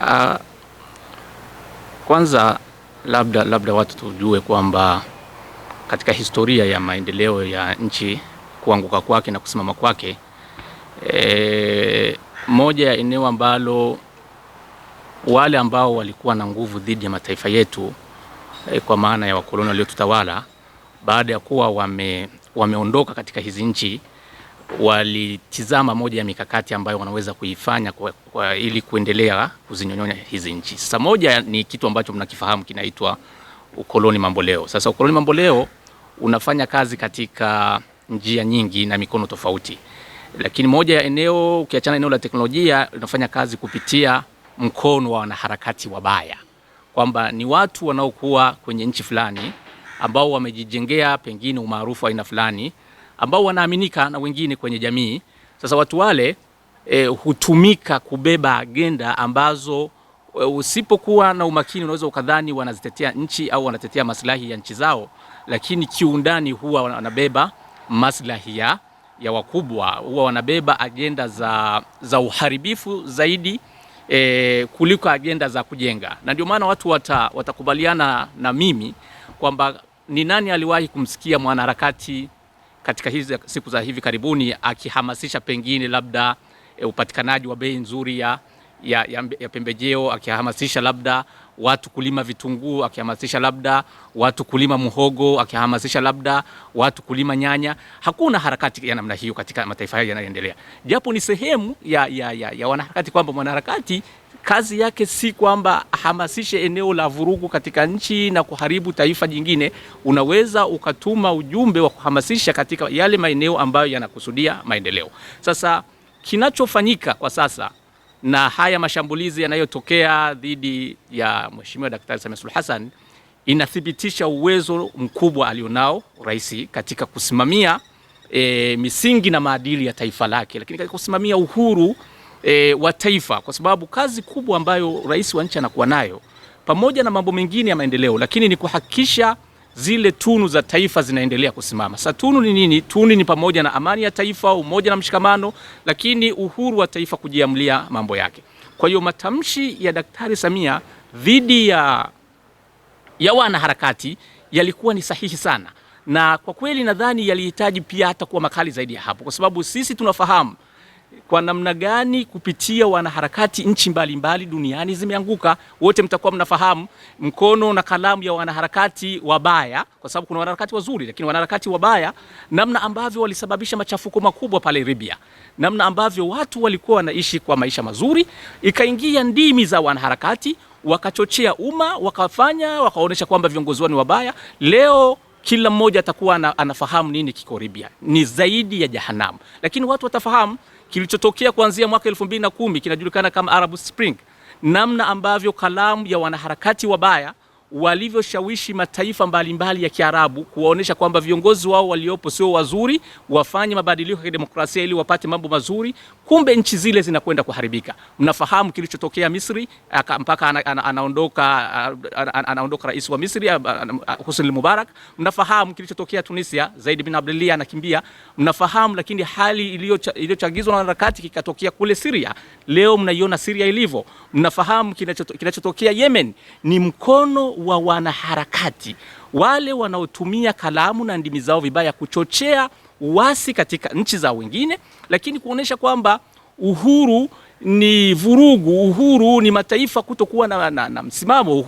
Uh, kwanza labda labda watu tujue kwamba katika historia ya maendeleo ya nchi kuanguka kwake na kusimama kwake, e, moja ya eneo ambalo wale ambao walikuwa na nguvu dhidi ya mataifa yetu e, kwa maana ya wakoloni waliotutawala baada ya kuwa wame, wameondoka katika hizi nchi walitizama moja ya mikakati ambayo wanaweza kuifanya kwa, kwa ili kuendelea kuzinyonyonya hizi nchi. Sasa moja ni kitu ambacho mnakifahamu kinaitwa ukoloni mamboleo. Sasa ukoloni mamboleo unafanya kazi katika njia nyingi na mikono tofauti, lakini moja ya eneo ukiachana eneo la teknolojia unafanya kazi kupitia mkono wa wanaharakati wabaya, kwamba ni watu wanaokuwa kwenye nchi fulani ambao wamejijengea pengine umaarufu aina fulani ambao wanaaminika na wengine kwenye jamii. Sasa watu wale e, hutumika kubeba agenda ambazo e, usipokuwa na umakini unaweza ukadhani wanazitetea nchi au wanatetea maslahi ya nchi zao, lakini kiundani huwa wanabeba maslahi ya ya wakubwa, huwa wanabeba agenda za, za uharibifu zaidi e, kuliko agenda za kujenga, na ndio maana watu wata, watakubaliana na mimi kwamba ni nani aliwahi kumsikia mwanaharakati katika hizi siku za hivi karibuni akihamasisha pengine labda e, upatikanaji wa bei nzuri ya, ya, ya, ya pembejeo akihamasisha labda watu kulima vitunguu akihamasisha labda watu kulima muhogo akihamasisha labda watu kulima nyanya. Hakuna harakati ya namna hiyo katika mataifa hayo yanayoendelea, japo ni sehemu ya, ya, ya, ya wanaharakati kwamba mwanaharakati kazi yake si kwamba ahamasishe eneo la vurugu katika nchi na kuharibu taifa jingine. Unaweza ukatuma ujumbe wa kuhamasisha katika yale maeneo ambayo yanakusudia maendeleo. Sasa kinachofanyika kwa sasa na haya mashambulizi yanayotokea dhidi ya Mheshimiwa Daktari Samia Suluhu Hassan inathibitisha uwezo mkubwa alionao rais katika kusimamia e, misingi na maadili ya taifa lake, lakini katika kusimamia uhuru e, wa taifa, kwa sababu kazi kubwa ambayo rais wa nchi anakuwa nayo pamoja na mambo mengine ya maendeleo, lakini ni kuhakikisha zile tunu za taifa zinaendelea kusimama. Sasa tunu ni nini? Tunu ni pamoja na amani ya taifa, umoja na mshikamano, lakini uhuru wa taifa kujiamulia mambo yake. Kwa hiyo matamshi ya Daktari Samia dhidi ya, ya wanaharakati yalikuwa ni sahihi sana, na kwa kweli nadhani yalihitaji pia hata kuwa makali zaidi ya hapo, kwa sababu sisi tunafahamu kwa namna gani kupitia wanaharakati nchi mbalimbali duniani zimeanguka. Wote mtakuwa mnafahamu mkono na kalamu ya wanaharakati wabaya, kwa sababu kuna wanaharakati wazuri, lakini wanaharakati wabaya, namna ambavyo walisababisha machafuko makubwa pale Libya, namna ambavyo watu walikuwa wanaishi kwa maisha mazuri, ikaingia ndimi za wanaharakati, wakachochea umma, wakafanya wakaonyesha kwamba viongozi wao ni wabaya. Leo kila mmoja atakuwa anafahamu nini kiko Libya, ni zaidi ya jahanamu, lakini watu watafahamu Kilichotokea kuanzia mwaka 2010 kinajulikana kama Arab Spring, namna ambavyo kalamu ya wanaharakati wabaya walivyoshawishi mataifa mbalimbali mbali ya Kiarabu kuwaonyesha kwamba viongozi wao waliopo sio wazuri, wafanye mabadiliko ya kidemokrasia ili wapate mambo mazuri, kumbe nchi zile zinakwenda kuharibika. Mnafahamu kilichotokea Misri aka, mpaka ana, ana, anaondoka ana, anaondoka rais wa Misri Hosni Mubarak. Mnafahamu kilichotokea Tunisia, Zaid bin Abdelia anakimbia, mnafahamu. Lakini hali iliyochagizwa na harakati kikatokea kule Syria, leo mnaiona Syria ilivyo. Mnafahamu kinachotokea Yemen ni mkono wa wanaharakati wale wanaotumia kalamu na ndimi zao vibaya kuchochea uasi katika nchi za wengine, lakini kuonesha kwamba uhuru ni vurugu, uhuru ni mataifa kutokuwa na, na, na msimamo uhuru.